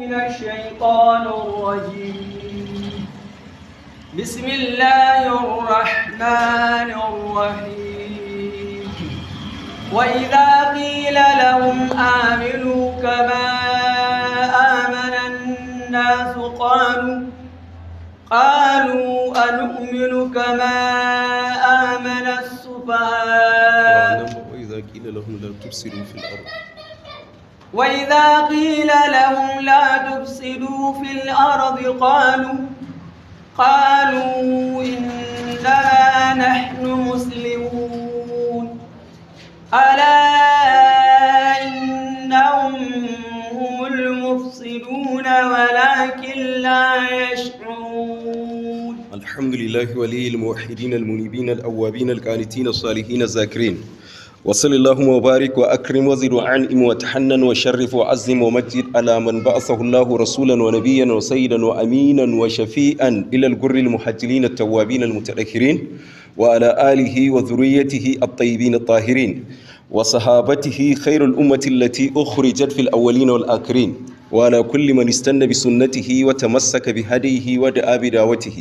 من الشيطان الرجيم بسم الله الرحمن الرحيم وإذا قيل لهم آمنوا كما آمن الناس قالوا قالوا أنؤمن كما آمن السفهاء وإذا قيل لهم لا تفسدوا في الأرض وإذا قيل لهم لا تفسدوا في الأرض قالوا قالوا إنا نحن مسلمون ألا إنهم هم المفسدون ولكن لا يشعرون الحمد لله ولي الموحدين المنيبين الأوابين الكانتين الصالحين الذاكرين وصل اللهم وبارك وأكرم وزد وعنئم وتحنن وشرف وعزم ومجد على من بعثه الله رسولا ونبيا وسيدا وأمينا وشفيئا إلى الجر المحجلين التوابين المتأخرين وعلى آله وذريته الطيبين الطاهرين وصحابته خير الأمة التي أخرجت في الأولين والآخرين وعلى كل من استنى بسنته وتمسك بهديه ودعا بدعوته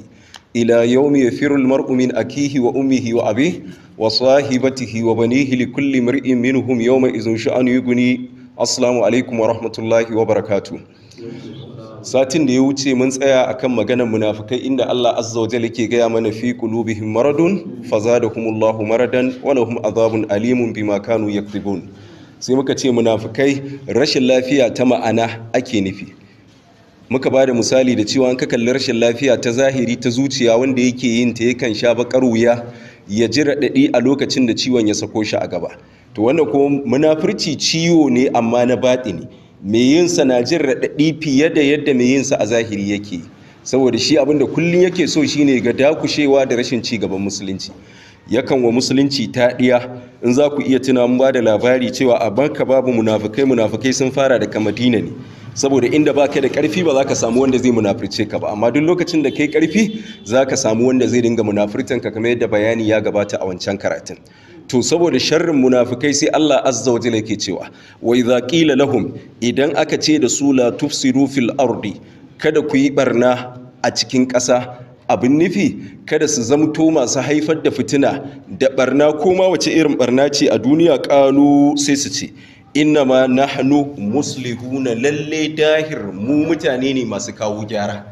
ila yawmi yafiru almar'u min akihi wa ummihi wa abihi wa sahibatihi wa banihi li kulli mar'in minhum yawma idhin sha'anu yughni assalamu alaikum wa rahmatullahi wa barakatu. satin da ya wuce mun tsaya akan maganar munafikai inda Allah azza wa jalla yake gaya mana fi qulubihim maradun fazadahumullahu maradan wa lahum adhabun alimun bima kanu yaktubun sai muka ce munafukai rashin lafiya ta ma'ana ake nufi muka ba da misali da cewa an ka kalli rashin lafiya ta zahiri ta zuciya wanda yake yin ta yakan sha bakar wuya ya ji raɗaɗi a lokacin da ciwon ya sako shi a gaba to wanda ko munafurci ciwo ne amma na ne mai yinsa na jin raɗaɗi fiye da yadda mai yinsa a zahiri yake saboda shi abinda kullum yake so shine ga dakushewa da rashin ci gaban musulunci yakan wa musulunci ta ɗiya in za ku iya tunanin ba da labari cewa a banka babu munafukai munafukai sun fara daga madina ne saboda inda ba ka da karfi ba za ka samu wanda zai munafirce ka ba amma duk lokacin da kai karfi za ka samu wanda zai dinga munafirtan ka kamar yadda bayani ya gabata a wancan karatun to saboda sharrin munafikai sai Allah azza wa jalla yake cewa wa idza qila lahum idan aka ce da su la tufsiru fil ardi kada ku yi barna a cikin ƙasa abin nufi kada su zamto masu haifar da fitina da barna koma wace irin barna ce a duniya kanu sai su ce inna ma nahnu muslihuna lalle dahir mu mutane ne masu kawo gyara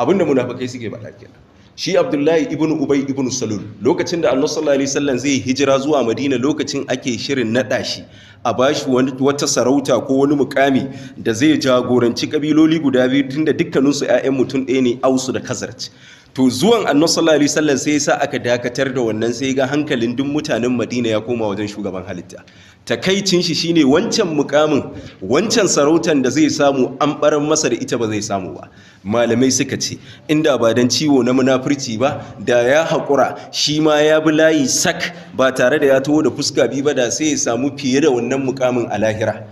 abinda munafikai suke ba kenan shi abdullahi ibn ubay ibn salul lokacin da annabi sallallahu alaihi wasallam zai hijira zuwa madina lokacin ake shirin nada shi a bashi wata sarauta ko wani mukami da zai jagoranci kabiloli guda biyu tunda dukkaninsu 'ya'yan mutum ɗaya ne ausu da kazarci to zuwan annabi sallallahu alaihi wasallam sai sa aka dakatar da wannan sai ga hankalin duk mutanen Madina ya koma wajen shugaban halitta takaicin shi shine wancan mukamin wancan sarautan da zai samu an baran masa da ita ba zai samu ba malamai suka ce inda ba dan ciwo na munafurci ba da ya hakura shi ma ya bi layi sak ba tare da ya taho da fuska bi ba da sai ya samu fiye da wannan mukamin a lahira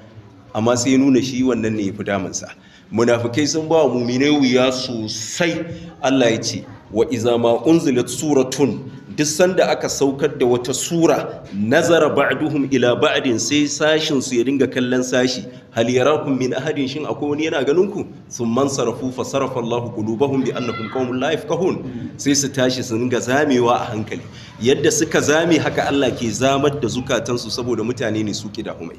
amma sai nuna shi wannan ne ya fi damansa munafikai sun ba wa muminai wuya sosai Allah ya ce wa iza ma unzilat suratun duk sanda aka saukar da wata sura nazara ba'duhum ila ba'din sai sashin su ya dinga kallon sashi hal yarakum min ahadin shin akwai wani yana ganin ku Sun man sarafu fa sarafa Allah qulubahum bi annahum qawmun la yafqahun sai su tashi su dinga zamewa a hankali yadda suka zame haka Allah ke zamar da zukatansu saboda mutane ne su kida umai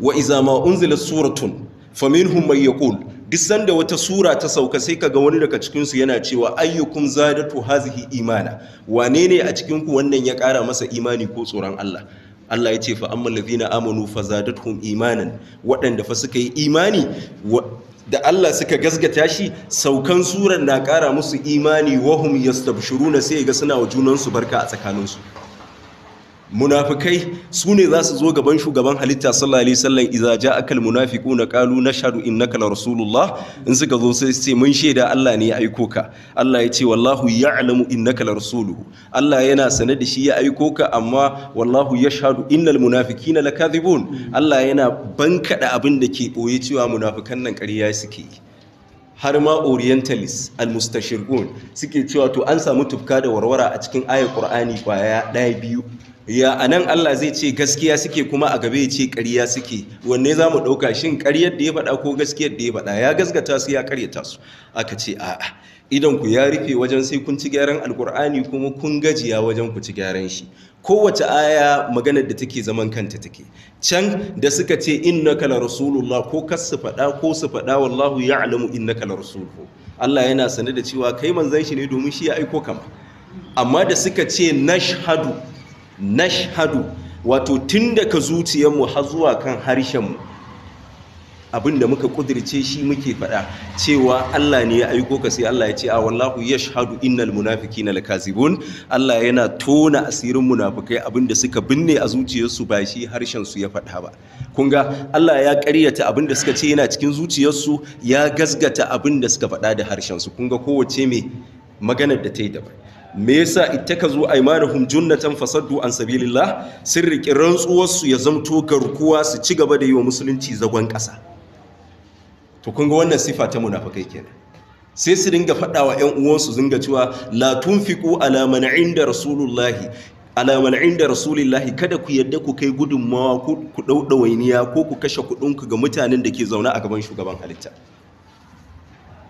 wa iza ma unzilat suratun faminhum ya yaqul duk sanda wata sura ta sauka sai kaga wani daga cikinsu yana cewa ayyukum zadatu hazihi imana wane ne a cikinku wannan ya kara masa imani ko tsoron Allah Allah ya ce fa ammal ladhina amanu fazadatuhum imanan waɗanda fa suka yi imani da Allah suka gasgata shi saukan surar na kara musu imani wahum na sai ga suna wa junansu barka a tsakaninsu munafikai su ne za su zo gaban shugaban halitta sallallahu alaihi wasallam idza ja'akal na qalu nashhadu innaka la rasulullah in suka zo sai ce mun shaida Allah ne ya aiko ka Allah ya ce wallahu ya'lamu innaka la rasuluhu Allah yana sane da shi ya aiko ka amma wallahu yashhadu innal munafiqina lakathibun Allah yana bankada abin da ke boye cewa munafikan nan ƙarya suke har ma orientalist mustashir'un suke cewa to an samu tufka da warwara a cikin ayar qur'ani kwaya ɗaya biyu ya anan Allah zai ce gaskiya suke kuma a gabe ya ce ƙarya suke wanne za mu ɗauka shin kariyar da ya faɗa ko gaskiyar da ya faɗa ya gasgata su ya ƙaryata su aka ce a'a idan ku ya rufe wajen sai kun ci gyaran alkur'ani kuma kun gajiya wajen ku ci gyaran shi kowace aya magana da take zaman kanta take can da suka ce innaka la rasulullah ko kas su faɗa ko su faɗa wallahu ya'lamu innaka la rasuluhu Allah yana sanar da cewa kai manzon shi ne domin shi ya aiko kama amma da suka ce nashhadu nashhadu wato tun daga zuciyarmu har zuwa kan harshenmu abin da muka kudirce shi muke faɗa cewa Allah ne ya aiko ka sai Allah ya ce a wallahu yashhadu innal munafiqina lakazibun Allah yana tona asirin munafikai abinda suka binne a zuciyarsu ba shi harshen su ya faɗa ba Kunga Allah ya ƙaryata abinda suka ce yana cikin zuciyarsu ya gasgata abinda suka faɗa da harshen su kunga kowace mai maganar da ta yi me yasa ita ittakazu aymanuhum junnatan fasaddu an sabilillah sun riki rantsuwar su ya zamto garkuwa su ci gaba da yi wa musulunci zagon ƙasa to kun ga wannan sifa ta munafikai kenan sai su dinga faɗawa wa ƴan uwansu zunga cewa la tunfiqu ala man inda rasulullahi kada ku yadda ku kai gudunmawa ku ɗauɗawainiya ko ku kashe kuɗinku ga mutanen da ke zauna a gaban shugaban halitta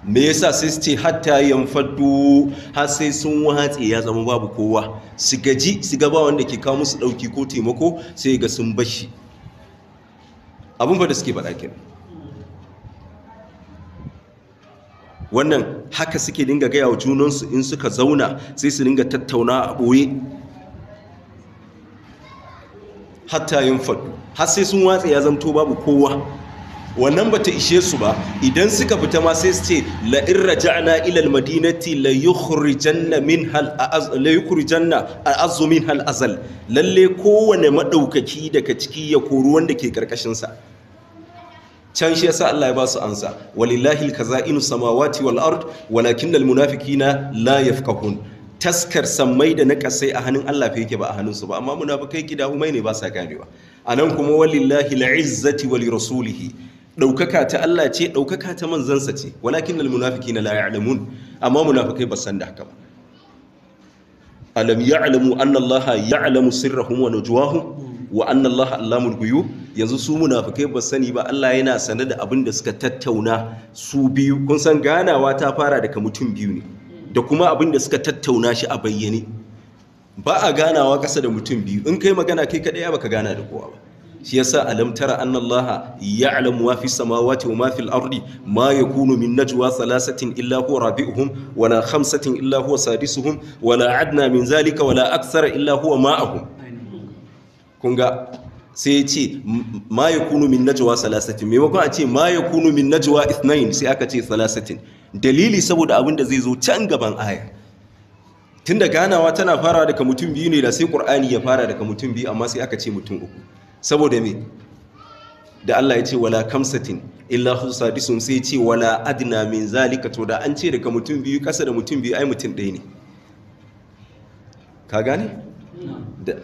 me yasa sai su ce hatta faddu har sai sun watsi ya zama babu kowa su gaji su gaba wanda ke kawo musu dauki ko taimako sai ga sun bashi abun fa da suke faɗa kenan wannan haka suke dinga gaya wa junansu in suka zauna sai su dinga tattauna a ɓoye hatta yin faddu har sai sun watsi ya zamto babu kowa wannan bata ishe su ba idan suka fita ma sai su ce la irra ja'ana ila almadinati la yukhrijanna min hal la yukhrijanna az min hal azal lalle kowane madaukaki daga ciki ya koru wanda ke karkashin sa can shi yasa Allah ya ba su ansa walillahi alkaza'inu samawati wal ard walakin almunafiqina la yafqahun taskar sammai da na kasai a hannun Allah fa yake ba a hannun su ba amma munafikai umai ne ba sa ganewa anan kuma walillahi al'izzati wa rasulihi ɗaukaka ta Allah ce ɗaukaka ta manzansa ce walakin al-munafiki na laye alamun amma munafikai ba san da haka ba alam ya alamu annallaha Allah alamu sirrahun wa najwahum wa annallaha Allah allamul yanzu su munafikai ba sani ba Allah yana sanar da abin da suka tattauna su biyu kun san ganawa ta fara daga mutum biyu ne da kuma abin da suka tattauna shi a bayyane ba a ganawa kasa da mutum biyu in kai magana kai kaɗai ba ka gana da kowa ba shi yasa alam tara annallaha ya ya'lamu ma fi samawati wa ma fil ardi ma yakunu min najwa thalathatin illa huwa rabi'uhum wa la khamsatin illa huwa sadisuhum wa la adna min zalika wa la illa huwa ma'ahum kunga sai ya ce ma yakunu min najwa thalathatin maimakon a ce ma yakunu min najwa ithnain sai aka ce thalathatin dalili saboda abin da zai zo can gaban aya tunda ganawa tana fara daga mutum biyu ne da sai qur'ani ya fara daga mutum biyu amma sai aka ce mutum uku saboda me da Allah ya ce wala kamsatin illa husa disun sai ce wala adna min zalika to da an ce daga mutum biyu kasa da mutum biyu ai mutum ɗaya ne ka gane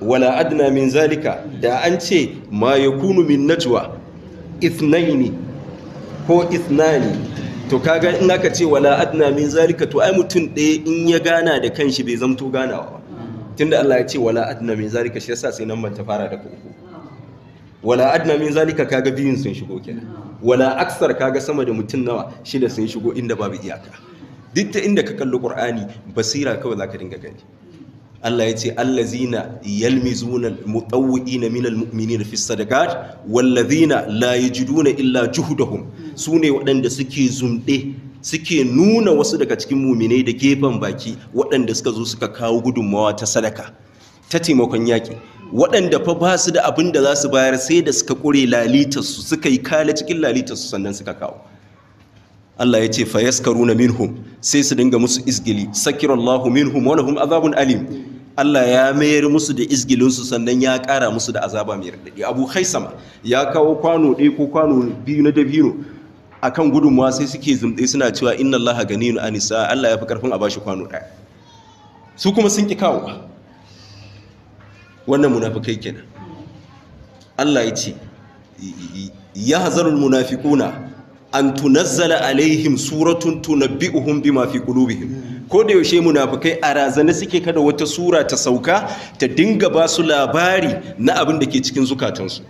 wala adna min zalika da an ce ma yakunu min najwa ithnaini ko ithnani to kaga in aka ce wala adna min zalika to ai mutum ɗaya in ya gana da kanshi bai zamto ganawa tunda Allah ya ce wala adna min zalika shi yasa sai nan ban ta fara da uku wala adna min zalika kaga biyun sun shigo kenan wala aksar kaga sama da mutum nawa shida sun shigo inda babu iyaka duk ta inda ka kalli qur'ani basira kawai zaka dinga gani Allah ya ce allazina yalmizuna almutawwi'ina min almu'minina fi sadaqat wallazina la yajiduna illa juhdahum sune waɗanda suke zumde suke nuna wasu daga cikin muminai da gefen baki waɗanda suka zo suka kawo gudunmawa ta sadaka ta taimakon yaki. waɗanda fa ba su da abin da za su bayar sai da suka ƙure lalitarsu suka yi kala cikin lalitarsu sannan suka kawo Allah ya ce fa na minhum sai su dinga musu izgili sakirallahu minhum wa lahum azabun alim Allah ya mayar musu da izgilinsu sannan ya ƙara musu da azaba mai raɗaɗi abu haisama ya kawo kwano ɗaya ko kwano biyu na dabino akan gudunmuwa sai suke zumɗe suna cewa inna Allah ganiyun anisa Allah ya fi ƙarfin a bashi kwano ɗaya su kuma sun ƙi kawo wannan munafikai kenan Allah ya ce ya hazarul munafiquna an tunazzala alaihim suratun tunabbi'uhum bima fi qulubihim ko da yaushe munafikai a razana suke kada wata sura ta sauka ta dinga ba su labari na abin da ke cikin zukatansu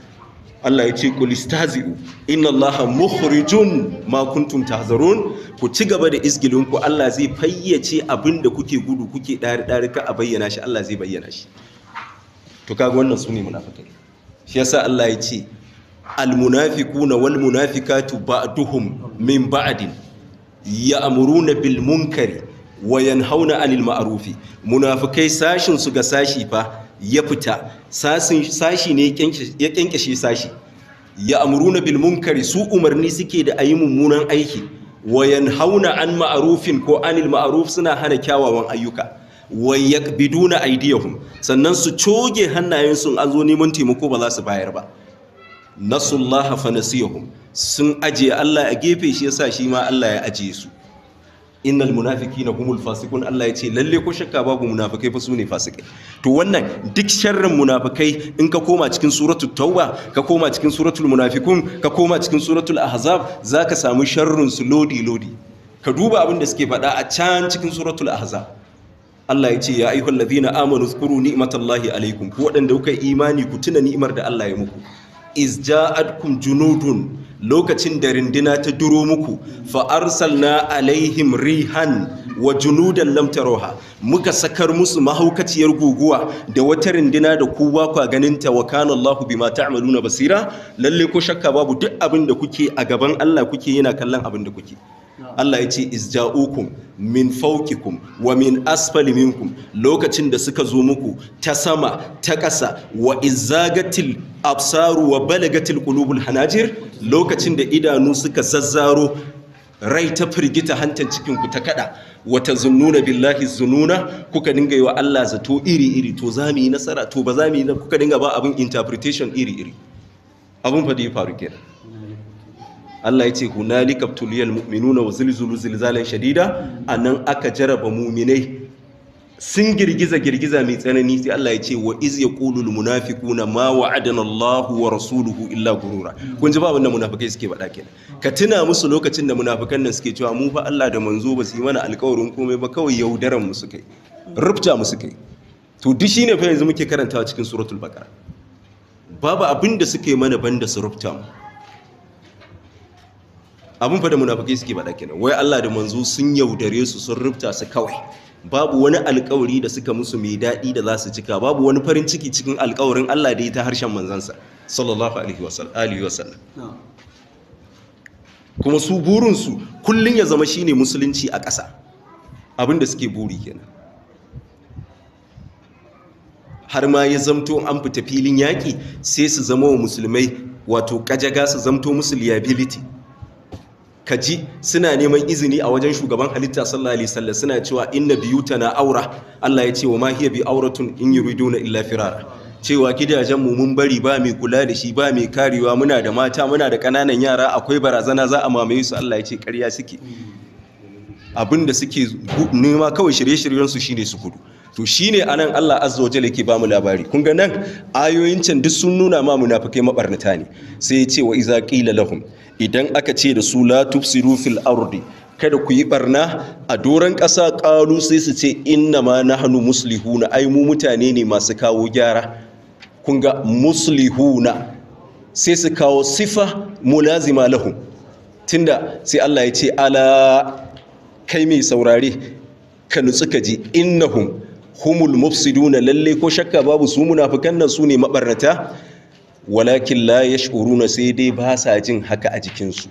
Allah ya ce qul istazi'u inna Allaha mukhrijun ma kuntum tahzarun ku ci gaba da izgilinku Allah zai fayyace abin da kuke gudu kuke dare dare ka a bayyana shi Allah zai bayyana shi to kaga wannan su ne munafikai shi yasa Allah ya ce almunafiquna wal munafiqatu ba'duhum min ba'din ya'muruna bil munkari wa yanhauna 'anil ma'rufi munafikai sashin su ga sashi fa ya fita sashi ne ya kyankyashe sashi ya'muruna bil munkari su umarni suke da ayi mummunan aiki wa yanhauna 'an ma'rufin ko 'anil ma'ruf suna hana kyawawan ayyuka wai biduna aidiyahum sannan su coge hannayensu an zo neman taimako ba za su bayar ba nasullaha fanasiyahum sun ajiye Allah a gefe shi yasa shi ma Allah ya ajiye su innal munafiqina humul fasiqun Allah ya ce lalle ko shakka babu munafikai fa su ne fasiqai to wannan duk sharrin munafikai in ka koma cikin suratul tauba ka koma cikin suratul munafiqun ka koma cikin suratul ahzab zaka samu sharrin su lodi lodi ka duba abin da suke faɗa a can cikin suratul ahzab Allah ya ce ya ayyuhal ladina amanu zkuru ni'matallahi alaikum ku waɗanda kuka imani ku tuna ni'imar da Allah ya muku iz ja'atkum junudun lokacin da rindina ta duro muku fa arsalna alaihim rihan wa junudan lam muka sakar musu mahaukaciyar guguwa da wata rindina da kowa kwa ganinta wa bi Allahu bima ta'maluna basira lalle ko shakka babu duk abin da kuke a gaban Allah kuke yana kallon abin da kuke Allah ya ce izja'ukum min faukikum wa min asfali minkum lokacin da suka zo muku ta sama ta ƙasa wa izagatil absaru wa balagatil qulubul hanajir lokacin da idanu suka zazzaro rai ta firgita hantar cikinku ta kada wata zununa billahi zununa kuka dinga yi wa Allah zato iri-iri to za mu yi nasara to ba za mu yi kuka dinga ba abin interpretation iri-iri abin fa da ya faru kenan Allah ya ce hunalika tuliyal mu'minuna wa zilzulu zilzalan shadida anan aka jaraba mu'minai sun girgiza girgiza mai tsanani sai Allah ya ce wa iz yaqulul munafiquna ma wa'adana Allahu wa rasuluhu illa gurura kun ji ba wannan munafikai suke faɗa kenan ka tuna musu lokacin da munafikan nan suke cewa mu fa Allah da manzo ba su yi mana alƙawarin komai ba kawai yaudaran mu suka yi rubta mu suka yi to duk shine fa yanzu muke karantawa cikin suratul baqara babu abin da suke mana banda su rubta mu abin fa da munafukai suke faɗa kenan wai Allah da manzo sun yaudare su sun rufta su kawai babu wani alkawari da suka musu mai daɗi da za su cika babu wani farin ciki cikin alkawarin Allah da ya ta harshen manzansa sallallahu alaihi wasallam kuma su burinsu kullum ya zama shine musulunci a ƙasa abinda suke buri kenan har ma ya zamto an fita filin yaƙi sai su zama wa musulmai wato kajaga su zamto musu liability Kaji suna neman izini a wajen shugaban halitta sallallahu alaihi wasallam suna cewa inna biyutana aura Allah ya ce wa ma hiya bi auratun in yuriduna illa firara cewa gidajen mu mun bari ba mai kula da shi ba mai karewa muna da mata muna da kananan yara akwai barazana za a mamaye su Allah ya ce ƙarya suke abinda suke nema kawai shirye-shiryen su shine su kudu to shi ne a nan Allah azza ke ba mu labari kun ga nan ayoyin can duk sun nuna ma munafikai mabarnata ne sai ya ce wa iza qila lahum idan aka ce da su la tufsiru fil ardi kada ku yi barna a doron ƙasa ƙalu sai su ce inna ma nahnu muslihuna ai mu mutane ne masu kawo gyara kun ga muslihuna sai su kawo sifa mulazima lahum tunda sai Allah ya ce ala kai mai saurare ka nutsu ka ji innahum humul mufsiduna lalle ko shakka babu su munafikan nan su ne mabarnata walakin la yash'uruna sai dai ba sa jin haka a jikinsu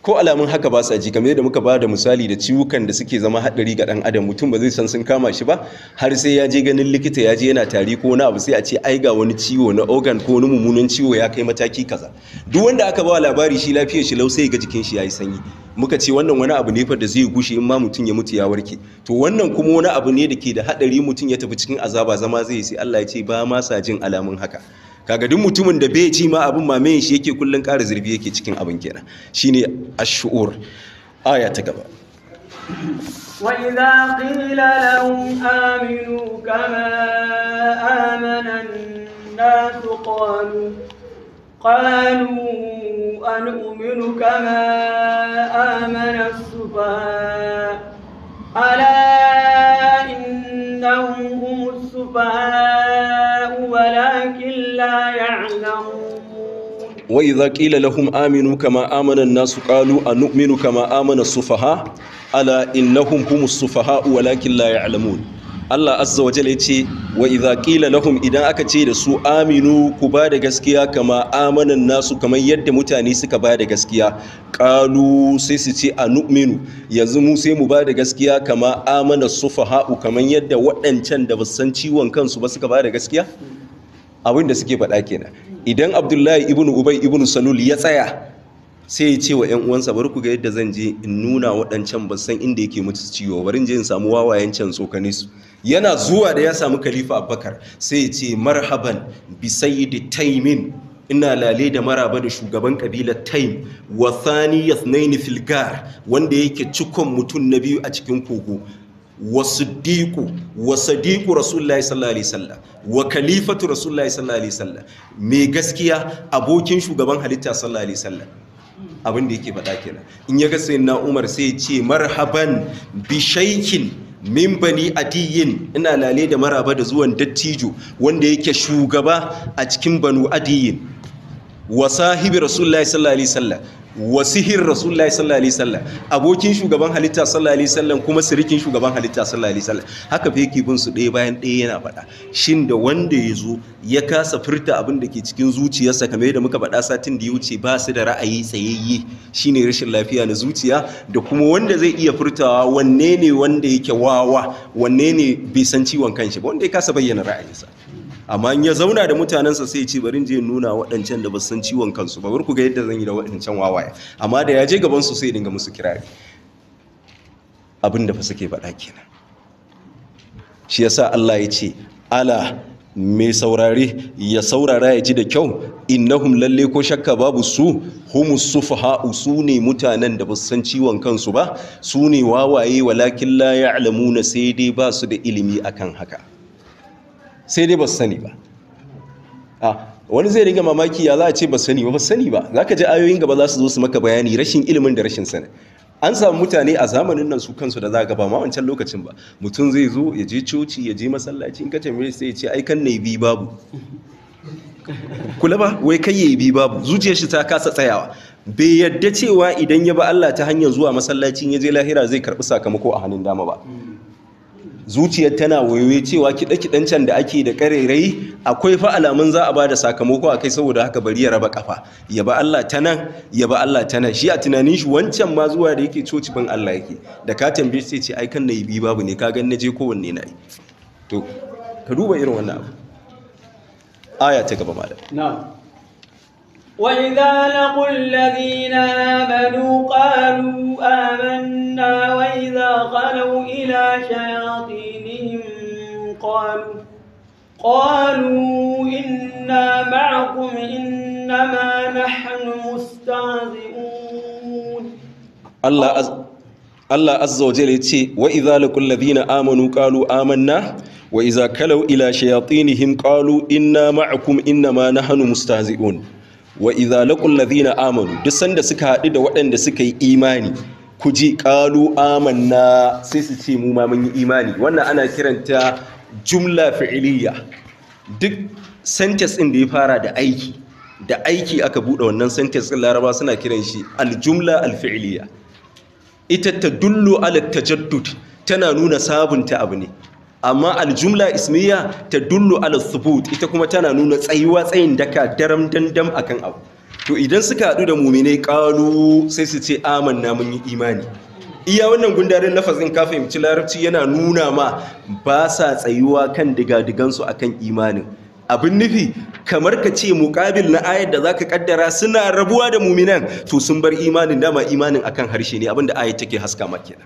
ko alamun haka ba sa ji kamar da muka ba da misali da ciwukan da suke zama hadari ga dan adam mutum ba zai san sun kama shi ba har sai ya je ganin likita ya je yana tari ko wani abu sai a ce ai ga wani ciwo na organ ko wani mummunan ciwo ya kai mataki kaza duk wanda aka ba labari shi lafiyar shi lau sai ga jikin shi yayi sanyi muka ce wannan wani abu ne fa da zai gushe in ma mutum ya mutu ya warke to wannan kuma wani abu ne da ke da hadari mutum ya tafi cikin azaba zama zai yi sai Allah ya ce ba ma sa jin alamun haka kaga duk mutumin da bai ji ma abin mamayin shi yake kullun ƙara zurbi yake cikin abin kenan shine ash-shu'ur aya ta gaba qila lahum aminu kama amana an الناس qalu قالوا أنؤمن كما آمن السفهاء ألا إنهم هم السفهاء ولكن لا يعلمون وإذا قيل لهم آمنوا كما آمن الناس قالوا أنؤمن كما آمن السفهاء ألا إنهم هم السفهاء ولكن لا يعلمون Allah azza wa jalla ce wa idza qila lahum idan aka ce da su aminu ku ba da gaskiya kama amanan nasu kamar yadda mutane suka ba da gaskiya qalu sai su ce anu'minu yanzu mu sai mu ba da gaskiya kama amana sufaha'u kamar yadda waɗancan da basu san ciwon kansu ba suka ba da gaskiya abin da suke faɗa kenan idan Abdullahi ibnu Ubay ibnu Salul ya tsaya sai ya ce wa ‘yan uwansa bari ku ga yadda zan je in nuna waɗancan basan inda yake mutu ciwo warin je in samu wawayen can tsokane su yana zuwa da ya samu khalifa abubakar sai ya ce marhaban bi da taimin ina lale da maraba da shugaban kabilar taim wa thani yathnaini filgar wanda yake cikon mutum na biyu a cikin kogo wa sadiqu rasulullahi sallallahu alaihi wa khalifatu rasulullahi sallallahu alaihi mai gaskiya abokin shugaban halitta sallallahu alaihi wasallam abin da yake faɗa kenan in ya ga sayyidina Umar sai ya ce marhaban bishaikin shaykin min bani adiyin ina lale da maraba da zuwan dattijo wanda yake shugaba a cikin banu adiyin wa sahibi rasulullahi sallallahu alaihi wa rasulullahi sallallahu alaihi abokin shugaban halitta sallallahu alaihi wasallam kuma sirikin shugaban halitta sallallahu alaihi wasallam haka fa yake bin su ɗaya bayan ɗaya yana faɗa shin da wanda ya zo ya kasa furta abin da ke cikin zuciyarsa kamar yadda muka faɗa satin da ya wuce ba su da ra'ayi tsayayye shine rashin lafiya na zuciya da kuma wanda zai iya furtawa wanne ne wanda yake wawa wanne ne bai san ciwon kanshi ba wanda ya kasa bayyana ra'ayinsa amma in ya zauna da mutanensa sai ce barin je nuna waɗancan da ba san ciwon kansu ba bari ga yadda zan yi da waɗancan wawaye amma da ya je gaban su sai dinga musu kirari abin fa suke faɗa kenan shi yasa Allah ya ce ala mai saurare ya saurara ya ji da kyau innahum lalle ko shakka babu su humus sufaha su ne mutanen da basu san ciwon kansu ba su ne wawaye walakin la ya'lamuna sai dai ba su da ilimi akan haka sai dai ba su sani ba wani zai riga mamaki ya za a ce ba sani ba sani ba za ka ji ayoyin gaba za su zo su maka bayani rashin ilimin da rashin sani an samu mutane a zamanin nan su kansu da za gaba ma wancan lokacin ba mutum zai zo ya je coci ya je masallaci in ka mai sai ce ai kan ne bi babu kula ba wai kai yayi bi babu zuciyar shi ta kasa tsayawa bai yadda cewa idan ya ba Allah ta hanyar zuwa masallacin ya je lahira zai karbi sakamako a hannun dama ba zuciyar tana wayoyi cewa kiɗe-kiɗen can da ake da ƙarairayi akwai fa alamun za a ba da sakamako a kai saboda haka bari ya raba kafa ya ba Allah ta nan ya ba Allah ta nan shi a tunanin shi wancan ma zuwa da yake coci ban Allah yake da ka tambi sai ce ai kan na yi bi babu ne ka gan na je kowanne na yi to ka duba irin wannan abu aya ta gaba malam na'am وإذا لقوا الذين آمنوا قالوا آمنا وإذا خلوا إلى شياطينهم قالوا قالوا إنا معكم إنما نحن مستهزئون الله أز... Allah azza wa jalla yace wa idza lakul ladina amanu qalu amanna wa idza kalau ila shayatinihim qalu inna ma'akum inna ma nahnu mustahzi'un wa idza laqul ladina amanu duk sanda suka haɗu da waɗanda suka yi imani ku ji qalu amanna sai su ce mu ma mun yi imani wannan ana kiranta jumla fi'iliya duk sentence ɗin da ya fara da aiki da aiki aka buɗe wannan sentence ɗin laraba suna kiran shi aljumla alfi'iliya ita ta ala tajaddud tana nuna sabunta abu ne amma aljumla ismiya ta dullu ala subut ita kuma tana nuna tsayuwa tsayin daka daram dandam akan abu to idan suka hadu da mu'minai qalu sai su ce amanna mun yi imani iya wannan gundarin lafazin ka fahimci larabci yana nuna ma ba sa tsayuwa kan digadigansu akan imanin abin nufi kamar ka ce muƙabil na ayar da za ka ƙaddara suna rabuwa da muminan to sun bar imanin dama imanin akan harshe ne abinda ayar take haska makina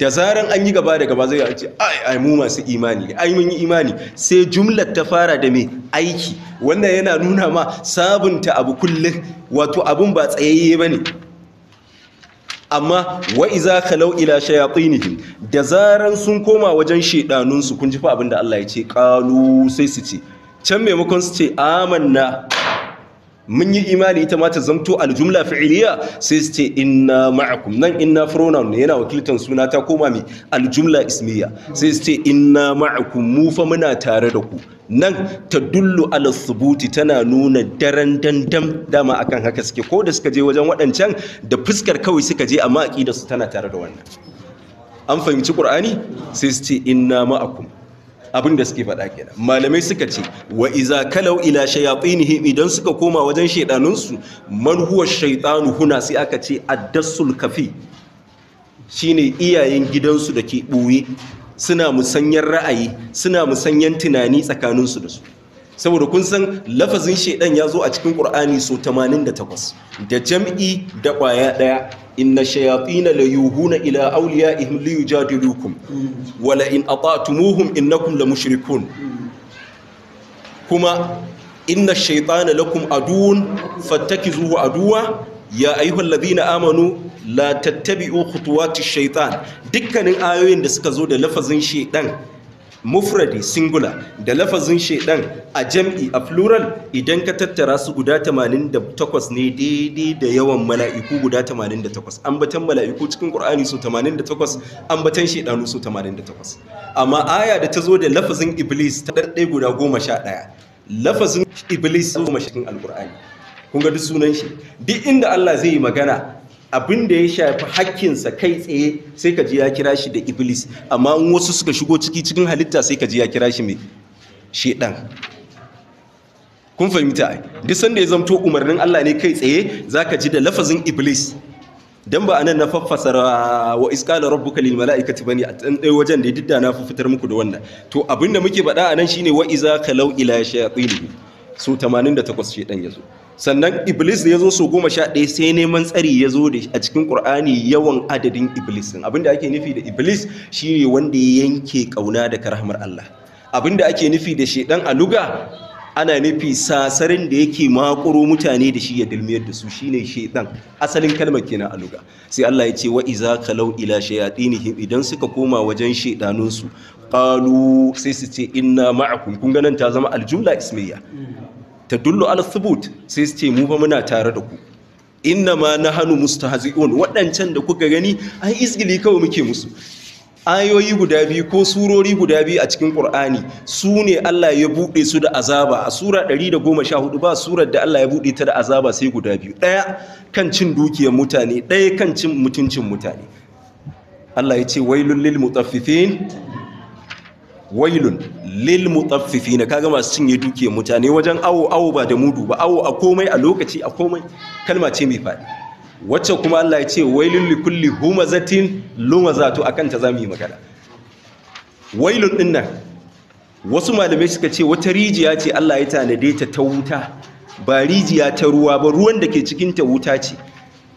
da zaran an yi gaba da gaba zai yi a mu masu imani ai mun imani sai jumla ta fara da mai aiki wannan yana nuna ma sabunta abu kullum wato abun ba tsayayye ne. amma wa iza kalau ila shayatinihim da zaran sun koma wajen shedanun su kun ji fa abin da Allah ya ce qalu sai su ce can maimakon su ce amanna mun yi imani ita ma ta zamto aljumla fi'iliya sai su ce inna ma'akum nan inna pronoun ne yana wakiltan suna ta koma mai aljumla ismiya sai su ce inna ma'akum mu fa muna tare da ku nan ta dullu ala thubuti tana nuna daren dandam dama akan haka suke ko da suka je wajen waɗancan da fuskar kawai suka je amma aqida su tana tare da wannan an fahimci qur'ani sai su ce inna ma'akum abin da suke faɗa kenan malamai suka ce wa iza kalau ila shayatinihi idan suka koma wajen shaidanunsu man huwa shaytanu huna sai aka ce addasul kafi shine iyayen gidansu da ke ɓoye suna musanyar ra'ayi suna musanyar tunani tsakaninsu da su saboda kun san lafazin shaidan ya zo a cikin ƙur'ani so 88 da jam'i da ƙwaya ɗaya inna shayatina la yuhuna ila awliyaihim li yujadilukum wala in ata'tumuhum innakum la mushrikun kuma inna shaytana lakum aduwwun fattakizuhu aduwa ya ayyuhal ladina amanu la tattabi'u khutuwati shaytan dukkanin ayoyin da suka zo da lafazin shaidan mufradi singular da lafazin shaidan a jam'i a plural idan ka tattara su guda 88 ne daidai da yawan mala'iku guda 88 ambatan mala'iku cikin qur'ani su 88 ambatan shaidanu su 88 amma aya da ta zo da lafazin iblis ta ɗarɗe guda 11 lafazin iblis goma cikin alqur'ani kun ga duk sunan shi duk inda Allah zai yi magana abin da ya shafi hakkinsa kai tsaye sai ka ji ya kira shi da iblis amma wasu suka shigo ciki cikin halitta sai ka ji ya kira shi mai shedan kun fahimta duk sanda ya zamto umarnin Allah ne kai tsaye zaka ji da lafazin iblis dan ba nan na faffasa wa isqala rabbuka lil malaikati bani a dan dai wajen da ya didda na fitar muku da wannan to abin da muke a anan shine wa iza kalau ila shayatin su 88 ya yazo sannan iblis da ya zo so goma sha ɗaya sai neman tsari ya zo a cikin ƙur'ani yawan adadin iblis abinda ake nufi da iblis shine wanda ya yanke ƙauna da karamar Allah abinda ake nufi da shaidan a luga ana nufi sasarin da yake makuro mutane da shi ya dilmiyar da su shine shaidan asalin kalmar kenan a luga sai Allah ya ce wa iza kalau ila shayatinihim idan suka koma wajen shedanunsu qalu sai su ce inna ma'akum kun ganin ta zama aljumla ismiya Ta dullo al thubut sai su ce mu ba muna tare da ku inna ma nahanu mustahzi'un waɗancan da kuka gani ai iskili kawai muke musu ayoyi guda biyu ko surori guda biyu a cikin ƙur'ani su ne Allah ya buɗe su da azaba a sura 114 ba surar da Allah ya buɗe ta da azaba sai guda biyu ɗaya kan cin dukiyar mutane ɗaya kan cin mutuncin mutane Allah ya ce wailul lil mutaffifin wailun lil na kaga masu cinye duke mutane wajen awo awo ba da mudu ba awo a komai a lokaci a komai kalma ce mai faɗi wacce kuma Allah ya ce wailun li kulli humazatin lumazatu akan ta zamu yi magana wailun din nan wasu malamai suka ce wata rijiya ce Allah ya tanade ta ta wuta ba rijiya ta ruwa ba ruwan da ke cikin ta wuta ce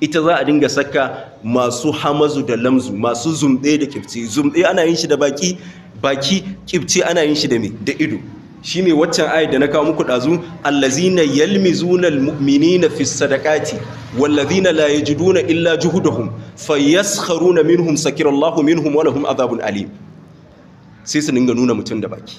ita za a dinga saka masu hamazu da lamzu masu zumɗe da kifci zumbe ana yin shi da baki baki kibci ana yin shi da me da ido shine waccan ayat da na kawo muku dazu allazina yalmizuna almu'minina fis sadaqati wallazina la yajiduna illa juhudahum fayaskharuna minhum sakirallahu minhum walahum adhabun alim sai su dinga nuna mutum da baki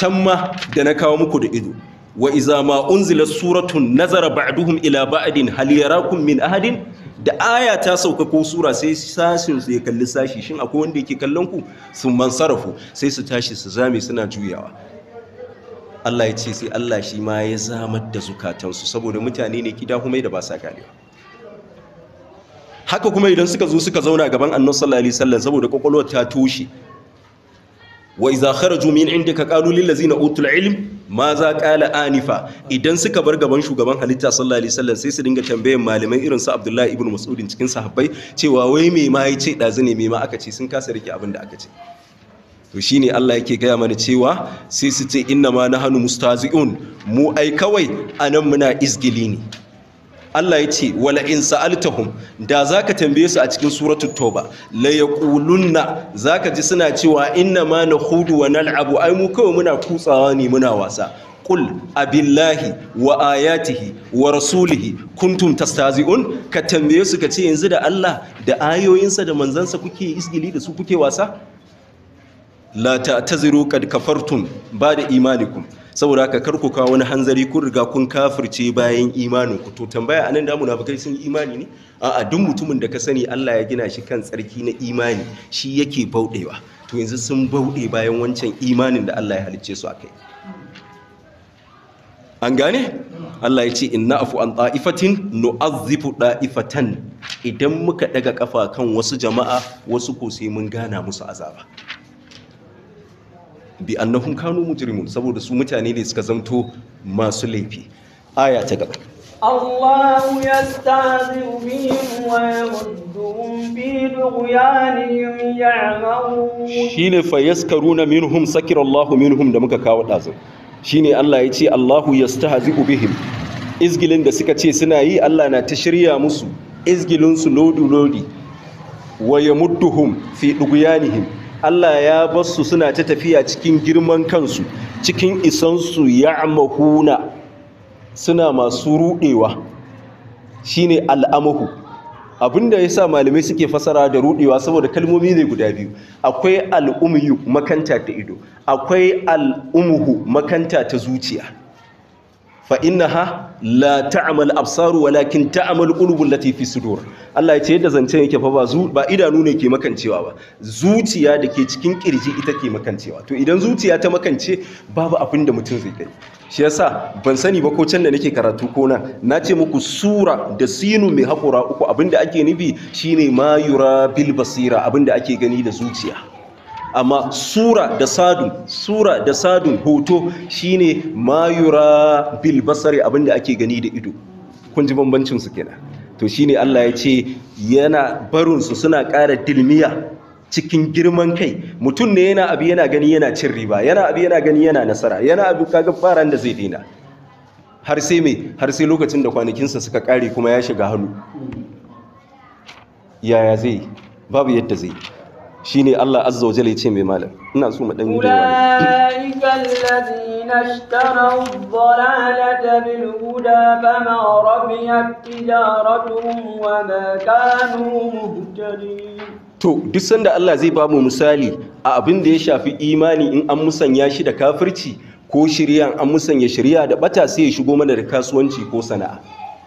can ma da na kawo muku da ido wa iza ma unzila suratun nazara ba'duhum ila ba'din hal yarakum min ahadin da aya ta sauka ko sura sai sashin su kalli sashi shin akwai wanda yake kallon ku sun man sarafu sai su tashi su zame suna juyawa Allah ya ce sai Allah shi ma ya zamar da zukatansu saboda mutane ne kida kuma da ba sa ganewa haka kuma idan suka zo suka zauna gaban annabi sallallahu alaihi wasallam saboda kwakwalwa ta toshe wa iza kharaju min indaka qalu lil ladzina utul ilm ma za qala anifa idan suka bar gaban shugaban halitta sallallahu alaihi wasallam sai su dinga tambayan malamai irin su abdullahi ibnu mas'udin cikin sahabbai cewa wai me ma yace dazu ne me ma aka ce sun kasa rike abin da aka ce to shine Allah yake gaya mana cewa sai su ce inna ma nahnu mustazi'un mu ai kawai anan muna izgili ne Allah ya ce wala in sa'altahum da zaka tambaye su a cikin suratul toba la yaqulunna zaka ji suna cewa inna ma nahudu wa nal'abu ai mu kawai muna kutsawa ne muna wasa qul abillahi wa ayatihi wa rasulihi kuntum tastazi'un ka tambaye su ka ce yanzu da Allah da ayoyinsa da manzansa kuke isgili da su kuke wasa la ta'taziru kad kafartum ba da imanikum saboda haka kar ku kawo wani hanzari kun riga kun kafirce bayan imanin ku to tambaya anan da munafikai sun imani ne a'a duk mutumin da ka sani Allah ya gina shi kan tsarki na imani shi yake bauɗewa to yanzu sun bauɗe bayan wancan imanin da Allah ya halicce su akai an gane Allah ya ce inna afu an ta'ifatin nu'azzifu da'ifatan idan muka daga kafa kan wasu jama'a wasu ko sai mun gana musu azaba bi annahum kanu mujrimun saboda su mutane ne suka zamto masu laifi aya ta gaba minhu يستهزئ بهم ويمدهم في طغيانهم يعمهون شين فيسكرون minhum sakira الله minhum da muka kawo dazu shine Allah ya ce Allahu yastahzi'u bihim izgilin da suka ce suna yi Allah na ta shirya musu izgilin su lodi lodi wa yamudduhum fi dughyanihim Allah ya basu suna ta tafiya cikin girman kansu cikin isansu ya mahuna suna masu rudewa shine al'amahu abinda ya sa malamai suke fasara da rudewa saboda kalmomi ne guda biyu akwai al'umiyu makanta ta ido akwai al'umuhu makanta ta zuciya fa ha la ta’amal absaru walakin ta’amal qulubul lati fi sudur Allah ya ce yadda zancen yake fa ba ba idanu ne ke makancewa ba zuciya da ke cikin ƙirji ita ke makancewa to idan zuciya ta makance babu abin da mutum zai kai. shi yasa ban sani ba ko can da nake karatu ko nan na ce muku sura da sinu mai hakura uku abin da ake nufi shine mayura bil basira abin da ake gani da zuciya amma sura da sadun sura da sadun hoto shine mayura bil basari abinda ake gani da ido kun ji bambancin su kenan to shine Allah ya ce yana barun su suna ƙara dilmiya cikin girman kai mutum ne yana abi yana gani yana cin riba yana abi yana gani yana nasara yana abi kaga faran da zai dina har sai mai har sai lokacin da kwanakinsa suka kare kuma ya shiga hannu yaya zai babu yadda zai shine Allah azza wa jalla ce mai malam ina so mu dan yi to duk sanda Allah zai ba mu misali a abin da ya shafi imani in an musanya shi da kafirci ko shirya an musanya shirya da bata sai ya shigo mana da kasuwanci ko sana'a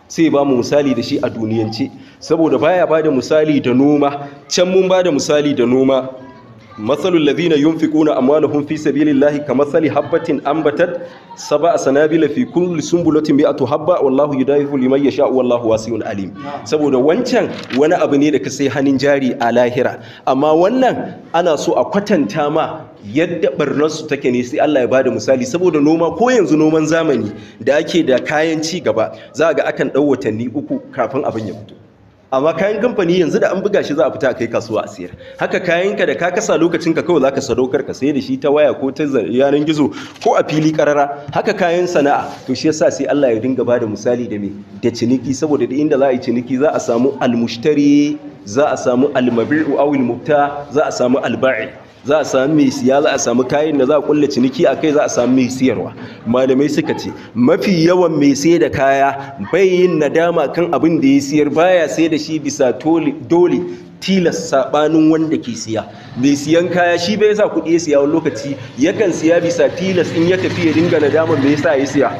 sai ba mu misali da shi a duniyance saboda baya ba da misali da noma can mun bada misali da noma matsalul ladhina yunfiquna amwalahum fi sabilillahi kamathali habatin ambatat sab'a sanabila fi kulli sumbulatin mi'atu habba wallahu yudayfu liman sha'u wallahu wasi'un alim saboda wancan wani abu ne da ka sai hannun jari a lahira amma wannan ana so a kwatanta ma yadda barnarsu take ne sai Allah ya ba da misali saboda noma ko yanzu noman zamani da ake da kayan ci gaba za ga akan ɗau watanni uku kafin abin ya fito amma kayan kamfani yanzu da an buga shi za a fita a kai kasuwa a siyar haka kayanka da ka kasa lokacin ka kawai zaka sadaukar ka sayar da shi ta waya ko ta yanar gizo ko a fili karara haka kayan sana'a to shi yasa sai Allah ya dinga bada misali da me da ciniki saboda da inda za a yi ciniki za a samu almushtari za a samu almabi'u awil mubta za a samu alba'i za a sami mai siya za a sami kayan da za a kulle ciniki a kai za a sami mai siyarwa malamai suka ce mafi yawan mai sai da kaya bai yin nadama kan abin da ya siyar baya sai da shi bisa dole tilas sabanin wanda ke siya mai siyan kaya shi bai sa kuɗi ya siya wani lokaci yakan siya bisa tilas in ya tafi ya dinga nadama mai sa ya siya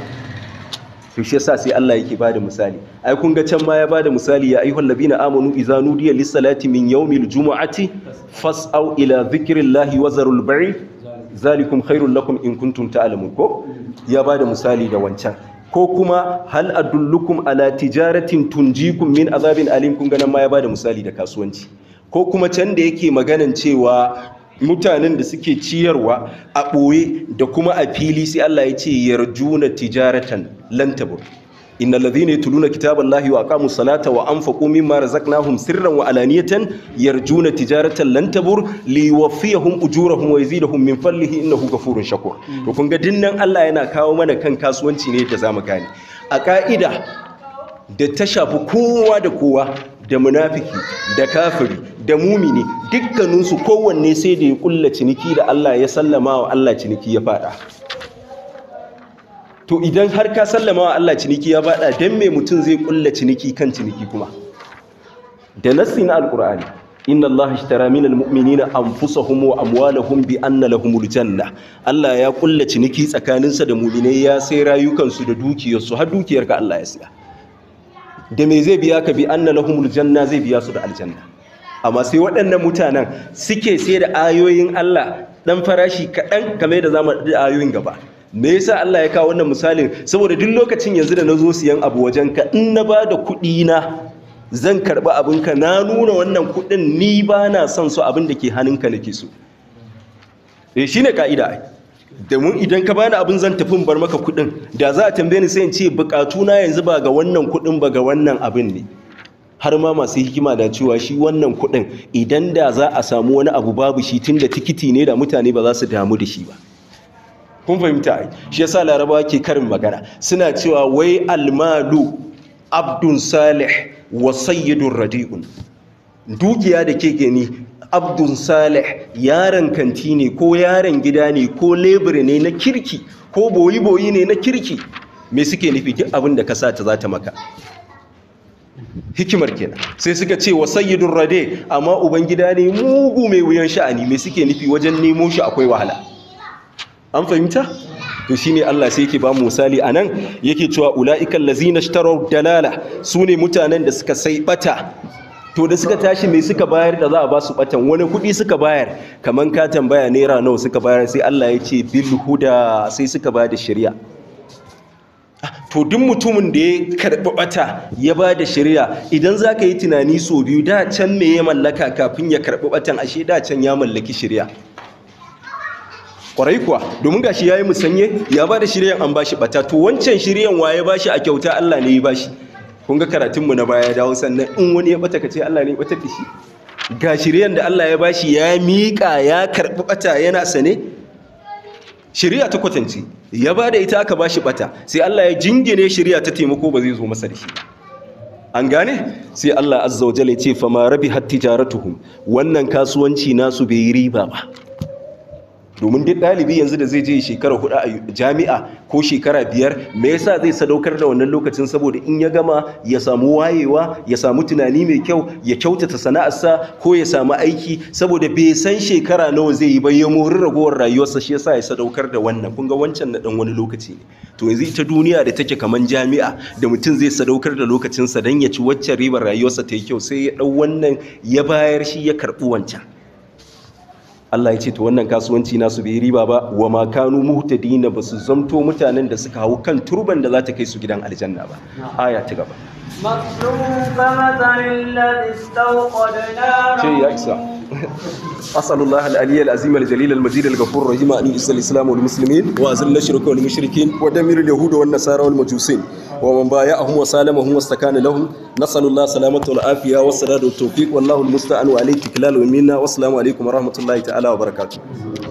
to shi yasa sai Allah yake bada misali ai kun ga can ma ya bada misali ya ayyuhal ladina amanu idza nudiya lis salati min yawmil jumu'ati fas'au ila dhikrillahi wa zarul ba'i zalikum khairul lakum in kuntum ta'lamun ko ya bada misali da wancan ko kuma hal adullukum ala tijaratin tunjikum min azabin alim kun ga nan ma ya bada misali da kasuwanci ko kuma can da yake maganan cewa mutanen da suke ciyarwa a ɓoye da kuma a fili sai Allah ya ce yarjuna tijaratan lantabur inna alladhina yatluna kitaballahi wa aqamus salata wa anfaqu mimma razaqnahum sirran wa alaniyatan yarjuna tijaratan lan tabur liwafiyahum ujurahum wa yazidahum min fadlihi innahu ghafurun shakur to kun ga dinnan Allah yana kawo mana kan kasuwanci ne da zamu gani. a ka'ida da ta shafi kowa da kowa da munafiki da kafiri da mumini dukkaninsu kowanne sai da ya kulla ciniki da Allah ya sallama wa Allah ciniki ya fada to idan har ka sallama wa Allah ciniki ya fada dan me mutum zai kulla ciniki kan ciniki kuma da nassi na alqur'ani inna Allah ishtara minal mu'minina anfusahum wa amwalahum bi anna lahumul janna Allah ya kulla ciniki tsakaninsa da mu'minai ya sai rayukansu da dukiyarsu har dukiyar dukiyarka Allah ya siya da me zai biya ka bi anna lahumul janna zai biya su da aljanna amma sai waɗannan mutanen suke sai da ayoyin Allah ɗan farashi kaɗan kame da za mu da ayoyin gaba me yasa Allah ya kawo wannan misalin saboda duk lokacin yanzu da na zo siyan abu wajen ka in na ba da kuɗi na zan karɓi abinka na nuna wannan kuɗin ni ba na son su abin da ke hannunka nake so eh shine ka'ida domin idan ka bani abin zan tafi bar maka kuɗin da za a tambaye ni sai in ce bukatuna yanzu ba ga wannan kuɗin ba ga wannan abin ne har ma masu hikima da cewa shi wannan kuɗin idan da za a samu wani abu babu shi tunda tikiti ne da mutane ba za su damu da shi ba kun fahimta ai shi yasa Laraba ke karin magana suna cewa wai almalu abdun salih wa sayyidun radi'un dukiya da ke gani abdun salih yaron kanti ne ko yaron gida ne ko lebur ne na kirki ko boyi-boyi ne na kirki me suke nufi duk abin da ka sa ta za ta maka hikimar ke sai suka ce wa sayyidun rade amma ubangida ne mugu mai wuyan sha'ani mai suke nufi wajen nemo shi akwai wahala an fahimta to ne Allah sai yake ba mu a nan yake cewa ula'ikan lazina lala dalala ne mutanen da suka sai bata to da suka tashi mai suka bayar da za a ba su batan wani kuɗi suka bayar kamar ka tambaya naira nawa suka bayar sai Allah ya ce bil huda sai suka bayar da shari'a to duk mutumin da ya karɓi ɓata ya ba da shari'a idan za ka yi tunani so biyu da can me ya mallaka kafin ya karɓi ɓatan ashe da can ya mallaki shari'a kwarai kuwa domin gashi ya yi musanye ya ba da shiryan an shi ɓata. to wancan shiryan wa ya ba shi a kyauta Allah ne ya shi. kun ga karatunmu na baya dawo sannan in wani ya ɓata ka ce Allah ne ya ɓata da shi ga shiryan da Allah ya ba shi ya miƙa ya karɓi ɓata yana sane Shirya ta kwatance, ya ba da ita aka ba shi bata sai Allah ya jingine shirya ta taimako ba zai zo masa da shi an gane sai Allah azza wa jalla ya ce fa ma rabihat tijaratuhum wannan kasuwanci nasu bai riba ba domin duk ɗalibi yanzu da zai je shekara hudu a jami'a ko shekara biyar me yasa zai sadaukar da wannan lokacin saboda in ya gama ya samu wayewa ya samu tunani mai kyau ya kyautata sana'arsa ko ya samu aiki saboda bai san shekara nawa zai yi ba ya mori ragowar rayuwarsa shi yasa ya sadaukar da wannan kun ga wancan na dan wani lokaci ne to yanzu ita duniya da take kaman jami'a da mutum zai sadaukar da lokacinsa dan ya ci waccan ribar rayuwarsa ta yi kyau sai ya ɗau wannan ya bayar shi ya karɓi wancan Allah ya ce to wannan kasuwanci nasu bai riba ba wa ma kanu muhtadina basu zamto mutanen da suka hau kan turban da za ta kai su gidan aljanna ba aya ta gaba أسأل الله العلي العظيم الجليل المجيد الغفور الرحيم أن يعز الإسلام والمسلمين وأذل الشرك والمشركين ودمر اليهود والنصارى والمجوسين ومن بايعهم وسالمهم واستكان لهم نسأل الله سلامة والعافية والسداد والتوفيق والله المستعان وعليه الكلال والمنة والسلام عليكم ورحمة الله تعالى وبركاته